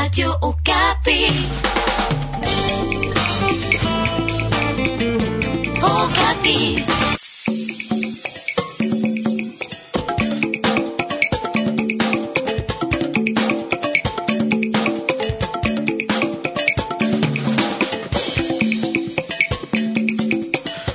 Rádio UCAP.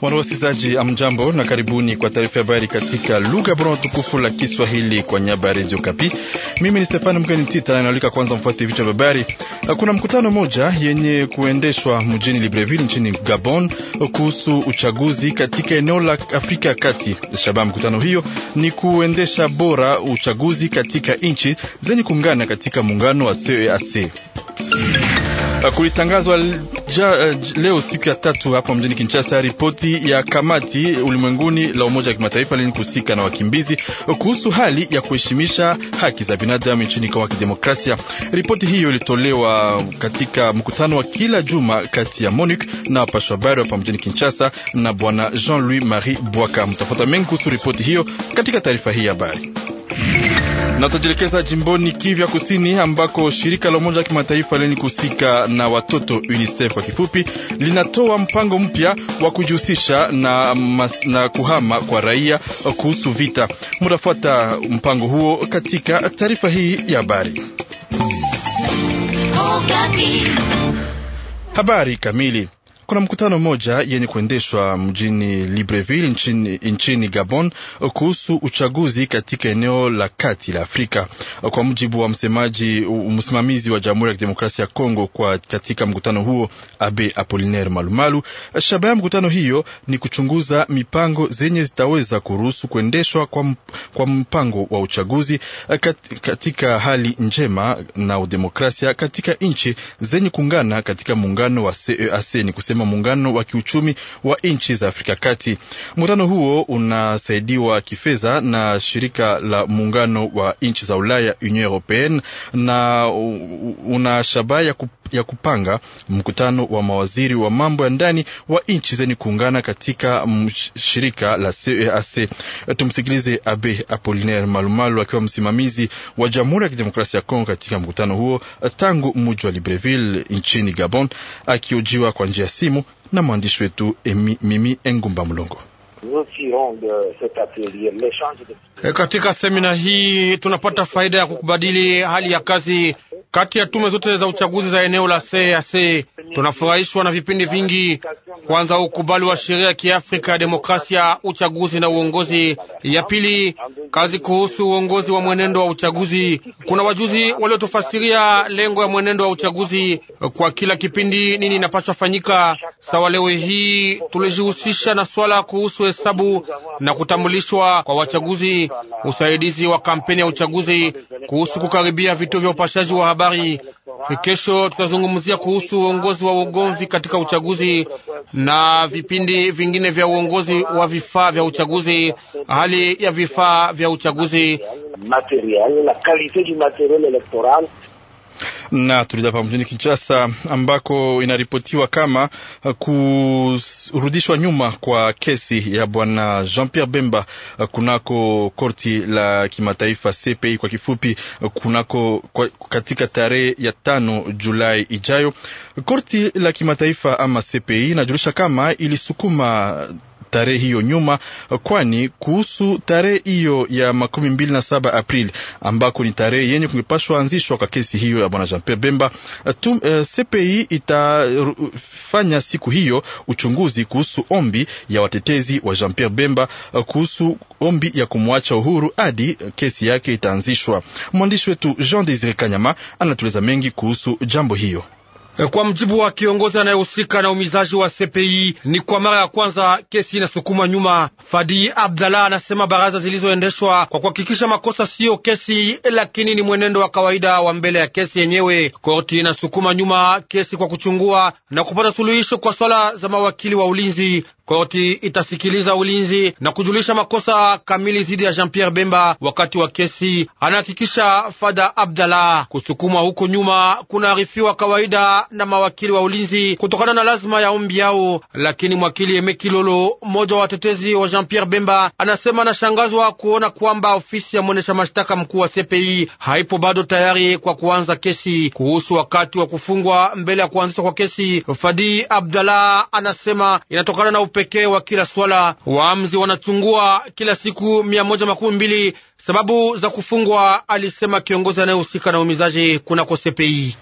Wanawasikilizaji, amjambo na karibuni kwa taarifa ya habari katika lugha bora tukufu la Kiswahili kwa nyaba ya redio Kapi. Mimi ni Stefani Mgeni Tita na kwanza mfuate vichwa vya habari. Kuna mkutano moja yenye kuendeshwa mjini Libreville nchini Gabon kuhusu uchaguzi katika eneo la Afrika ya Kati. Shabaha mkutano hiyo ni kuendesha bora uchaguzi katika nchi zenye kuungana katika muungano wa CEAC. Eh, kulitangazwa ja, eh, leo siku ya tatu hapa mjini Kinshasa ripoti ya kamati ulimwenguni la Umoja wa Kimataifa lenye kuhusika na wakimbizi kuhusu hali ya kuheshimisha haki za binadamu nchini Kongo ya Kidemokrasia. Ripoti hiyo ilitolewa katika mkutano wa kila juma kati ya MONUC na wapasha habari hapa mjini Kinshasa na bwana Jean-Louis Marie Bwaka. Mtafuta mengi kuhusu ripoti hiyo katika taarifa hii ya habari natajielekeza jimboni kivya Kusini ambako shirika la Umoja wa Kimataifa lenye kuhusika na watoto UNICEF kwa kifupi linatoa mpango mpya wa kujihusisha na, na kuhama kwa raia kuhusu vita. mutafuata mpango huo katika taarifa hii ya habari. Oh, habari kamili kuna mkutano mmoja yenye kuendeshwa mjini Libreville nchini, nchini Gabon kuhusu uchaguzi katika eneo la kati la Afrika. Kwa mujibu wa msemaji msimamizi wa Jamhuri ya Kidemokrasia ya Kongo kwa katika mkutano huo Abe Apolinaire Malumalu, shabaha ya mkutano hiyo ni kuchunguza mipango zenye zitaweza kuruhusu kuendeshwa kwa, kwa mpango wa uchaguzi eh, katika hali njema na udemokrasia katika nchi zenye kuungana katika muungano wa CEAC eh, ni kusema mwa muungano wa kiuchumi wa nchi za Afrika Kati. Mkutano huo unasaidiwa kifedha na shirika la muungano wa nchi za Ulaya, Union Europeenne, na una shabaha ya ya kupanga mkutano wa mawaziri wa mambo ya ndani wa nchi zenye kuungana katika shirika la CEAC. Tumsikilize Abe Apolinaire Malumalu akiwa msimamizi wa Jamhuri ya Kidemokrasia ya Kongo katika mkutano huo tangu mji wa Libreville nchini Gabon, akiojiwa kwa njia ya simu na mwandishi wetu Mimi Engumba Mlongo. Eh, katika semina hii tunapata faida ya kukubadili hali ya kazi kati ya tume zote za uchaguzi za eneo la CEAC tunafurahishwa na vipindi vingi. Kwanza, ukubali wa sheria ya Kiafrika ya demokrasia, uchaguzi na uongozi. Ya pili, kazi kuhusu uongozi wa mwenendo wa uchaguzi. Kuna wajuzi waliotofasiria lengo ya mwenendo wa uchaguzi kwa kila kipindi, nini inapaswa fanyika sawa leo hii tulijihusisha na swala kuhusu hesabu na kutambulishwa kwa wachaguzi, usaidizi wa kampeni ya uchaguzi, kuhusu kukaribia vituo vya upashaji wa habari. Kesho tutazungumzia kuhusu uongozi wa ugomvi katika uchaguzi na vipindi vingine vya uongozi wa vifaa vya uchaguzi, hali ya vifaa vya uchaguzi na tulija hapa mjini Kinshasa ambako inaripotiwa kama kurudishwa nyuma kwa kesi ya bwana Jean Pierre Bemba kunako korti la kimataifa CPI kwa kifupi, kunako kwa, katika tarehe ya tano Julai ijayo korti la kimataifa ama CPI inajulisha kama ilisukuma tarehe hiyo nyuma, kwani kuhusu tarehe hiyo ya makumi mbili na saba Aprili ambako ni tarehe yenye kungepashwa anzishwa kwa kesi hiyo ya bwana Jean Pierre Bemba uh, eh, CPI itafanya siku hiyo uchunguzi kuhusu ombi ya watetezi wa Jean Pierre Bemba eh, kuhusu ombi ya kumwacha uhuru hadi kesi yake itaanzishwa. Mwandishi wetu Jean Desire Kanyama anatueleza mengi kuhusu jambo hiyo. Eh, kwa mjibu wa kiongozi anayehusika na umizaji wa CPI, ni kwa mara ya kwanza kesi inasukumwa nyuma. Fadi Abdallah anasema baraza zilizoendeshwa kwa kuhakikisha makosa siyo kesi, lakini ni mwenendo wa kawaida wa mbele ya kesi yenyewe. Korti inasukuma nyuma kesi kwa kuchungua na kupata suluhisho kwa swala za mawakili wa ulinzi. Korti itasikiliza ulinzi na kujulisha makosa kamili dhidi ya Jean Pierre Bemba wakati wa kesi, anahakikisha Fada Abdallah. Kusukumwa huko nyuma kunaarifiwa kawaida na mawakili wa ulinzi kutokana na lazima ya ombi yao, lakini mwakili Emekilolo, mmoja wa watetezi wa Jean Pierre Bemba, anasema anashangazwa kuona kwamba ofisi ya mwendesha mashtaka mkuu wa CPI haipo bado tayari kwa kuanza kesi kuhusu wakati wa kufungwa mbele ya kuanzishwa kwa kesi. Fadi Abdallah anasema inatokana na upe upekee wa kila swala. Waamzi wanachungua kila siku mia moja makumi mbili sababu za kufungwa, alisema kiongozi anayehusika na umizaji kunako CPI.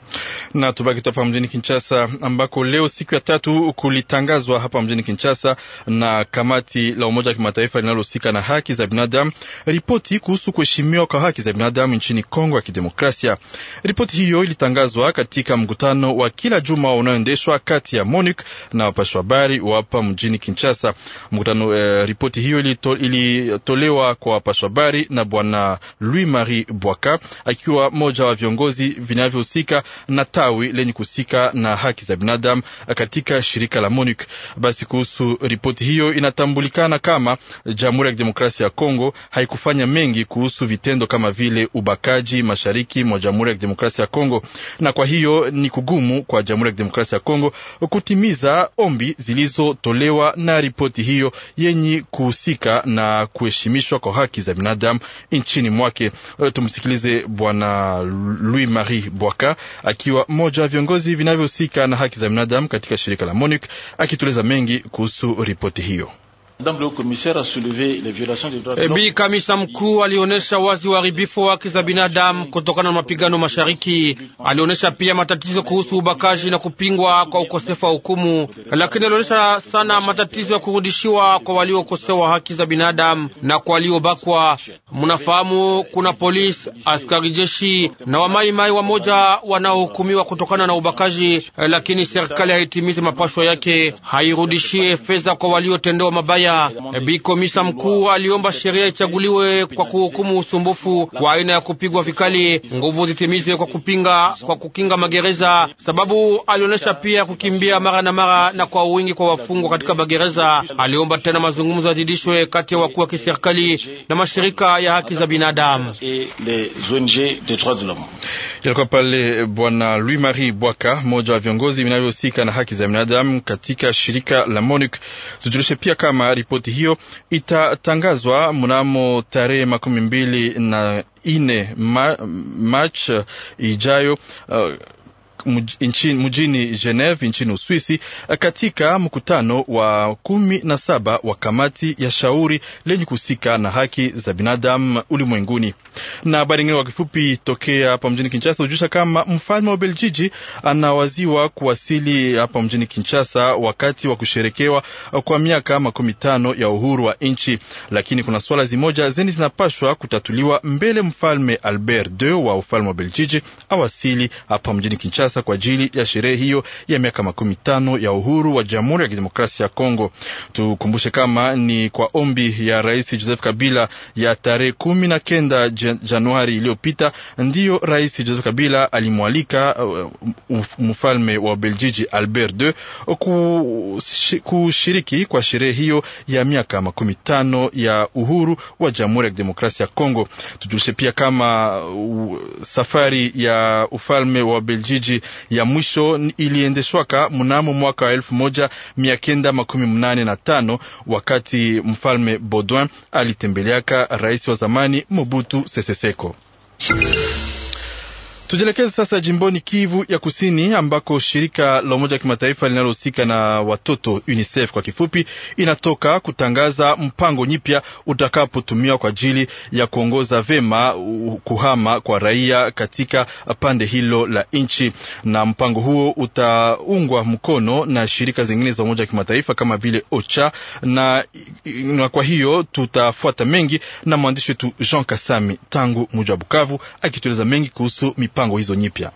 Na tubaki tu hapa mjini Kinshasa, ambako leo siku ya tatu kulitangazwa hapa mjini Kinshasa na kamati la Umoja wa Kimataifa linalohusika na haki za binadamu ripoti kuhusu kuheshimiwa kwa haki za binadamu nchini Kongo ya Kidemokrasia. Ripoti hiyo ilitangazwa katika mkutano wa kila juma unaoendeshwa kati ya MONUC na wapashwa habari wa hapa mjini Kinshasa. Mkutano eh, ripoti hiyo ilitolewa kwa wapashwa habari na bwana Louis Marie Bwaka akiwa moja wa viongozi vinavyohusika na tawi lenye kuhusika na haki za binadamu katika shirika la MONUC. Basi kuhusu ripoti hiyo, inatambulikana kama Jamhuri ya Kidemokrasia ya Kongo haikufanya mengi kuhusu vitendo kama vile ubakaji mashariki mwa Jamhuri ya Kidemokrasia ya Kongo, na kwa hiyo ni kugumu kwa Jamhuri ya Kidemokrasia ya Kongo kutimiza ombi zilizotolewa na ripoti hiyo yenye kuhusika na kuheshimishwa kwa haki za binadamu nchini mwake. Eh, tumsikilize Bwana Louis Marie Bwaka akiwa mmoja wa viongozi vinavyohusika na haki za binadamu katika shirika la MONUC akitueleza mengi kuhusu ripoti hiyo. Bi kamisa mkuu alionyesha wazi uharibifu wa haki za binadamu kutokana na mapigano mashariki. Alionyesha pia matatizo kuhusu ubakaji na kupingwa kwa ukosefu wa hukumu, lakini alionyesha sana matatizo ya kurudishiwa kwa waliokosewa haki za binadamu na kwa waliobakwa. Mnafahamu kuna polisi, askari jeshi na wamaimai wamoja wanaohukumiwa kutokana na ubakaji, lakini serikali haitimizi mapashwa yake, hairudishie fedha kwa waliotendewa mabaya Ulaya. Bi komisa mkuu aliomba sheria ichaguliwe kwa kuhukumu usumbufu wa aina ya kupigwa vikali, nguvu zitimizwe kwa kupinga kwa kukinga magereza, sababu alionyesha pia kukimbia mara na mara na kwa wingi kwa wafungwa katika magereza. Aliomba tena mazungumzo yazidishwe kati ya wakuu wa kiserikali na mashirika ya haki za binadamu. Ilikuwa pale Bwana Louis Marie Bwaka, mmoja wa viongozi vinavyohusika na haki za binadamu katika shirika la MONUC. Tujulishe pia kama ripoti hiyo itatangazwa mnamo tarehe makumi mbili na ine ma, March ijayo uh, mjini Geneve nchini Uswisi katika mkutano wa kumi na saba wa kamati ya shauri lenye kuhusika na haki za binadamu ulimwenguni. Na habari ingine kwa kifupi tokea hapa mjini Kinshasa hujusha kama mfalme wa Beljiji anawaziwa kuwasili hapa mjini Kinshasa wakati wa kusherekewa kwa miaka makumi tano ya uhuru wa nchi, lakini kuna swala zimoja zeni zinapashwa kutatuliwa mbele mfalme Albert II wa ufalme wa Beljiji awasili hapa mjini Kinshasa. Kinshasa kwa ajili ya sherehe hiyo ya miaka makumi tano ya uhuru wa Jamhuri ya Kidemokrasia ya Kongo. Tukumbushe kama ni kwa ombi ya Rais Joseph Kabila ya tarehe kumi na kenda Januari iliyopita, ndiyo Rais Joseph Kabila alimwalika uh, um, mfalme wa Beljiji Albert II kushiriki kwa sherehe hiyo ya miaka makumi tano ya uhuru wa Jamhuri ya Kidemokrasia ya Kongo. Tujulishe pia kama uh, safari ya ufalme wa Beljiji ya mwisho iliendeshwaka mnamo mwaka wa elfu moja mia kenda makumi mnane na tano wakati mfalme Baudouin alitembeleaka rais wa zamani Mobutu Sese Seko. Tujielekeze sasa jimboni Kivu ya Kusini ambako shirika la Umoja wa Kimataifa linalohusika na watoto UNICEF kwa kifupi inatoka kutangaza mpango nyipya utakapotumiwa kwa ajili ya kuongoza vema kuhama kwa raia katika pande hilo la nchi, na mpango huo utaungwa mkono na shirika zingine za Umoja wa Kimataifa kama vile OCHA na, na kwa hiyo tutafuata mengi na mwandishi wetu Jean Kasami tangu muji wa Bukavu akitueleza mengi kuhusu mipango mipango hizo nyipya.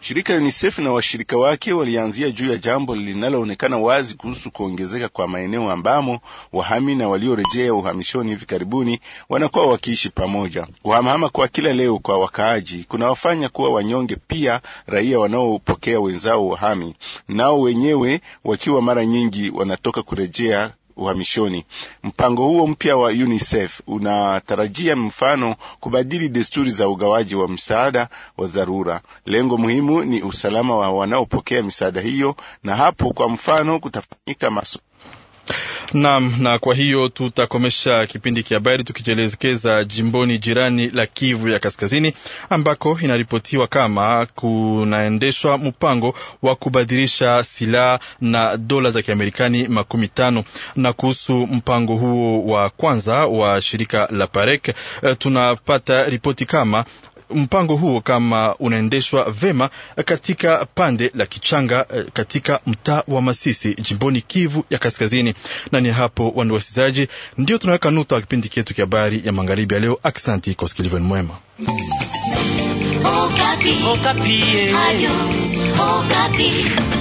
Shirika UNICEF na washirika wake walianzia juu ya jambo linaloonekana wazi kuhusu kuongezeka kwa maeneo ambamo wahami na waliorejea uhamishoni hivi karibuni wanakuwa wakiishi pamoja. Kuhamahama kwa kila leo kwa wakaaji kunawafanya kuwa wanyonge, pia raia wanaopokea wenzao wahami, nao wenyewe wakiwa mara nyingi wanatoka kurejea uhamishoni. Mpango huo mpya wa UNICEF unatarajia mfano kubadili desturi za ugawaji wa msaada wa dharura. Lengo muhimu ni usalama wa wanaopokea misaada hiyo, na hapo kwa mfano kutafanyika maso Naam, na kwa hiyo tutakomesha kipindi kia habari tukijielekeza jimboni jirani la Kivu ya Kaskazini, ambako inaripotiwa kama kunaendeshwa mpango wa kubadilisha silaha na dola za Kiamerikani makumi tano. Na kuhusu mpango huo wa kwanza wa shirika la Parek, eh, tunapata ripoti kama mpango huo kama unaendeshwa vema katika pande la Kichanga eh, katika mtaa wa Masisi jimboni Kivu ya Kaskazini. Na ni hapo wandu wasikizaji, ndio tunaweka nuta wa kipindi chetu cha habari ya magharibi ya leo. Aksanti kwa usikiliveni mwema. Okapi. Okapi. Eh. Ayo. Okapi.